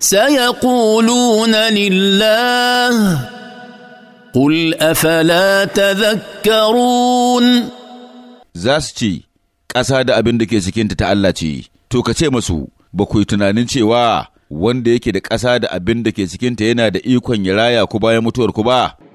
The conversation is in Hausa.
سيقولون لله قل أفلا تذكرون زاسكي ƙasa da abin da ke cikinta ta Allah ce, to ka ce masu ba tunanin cewa wanda yake da ƙasa da abin da ke cikinta yana da ikon ya raya ku bayan mutuwar ku ba.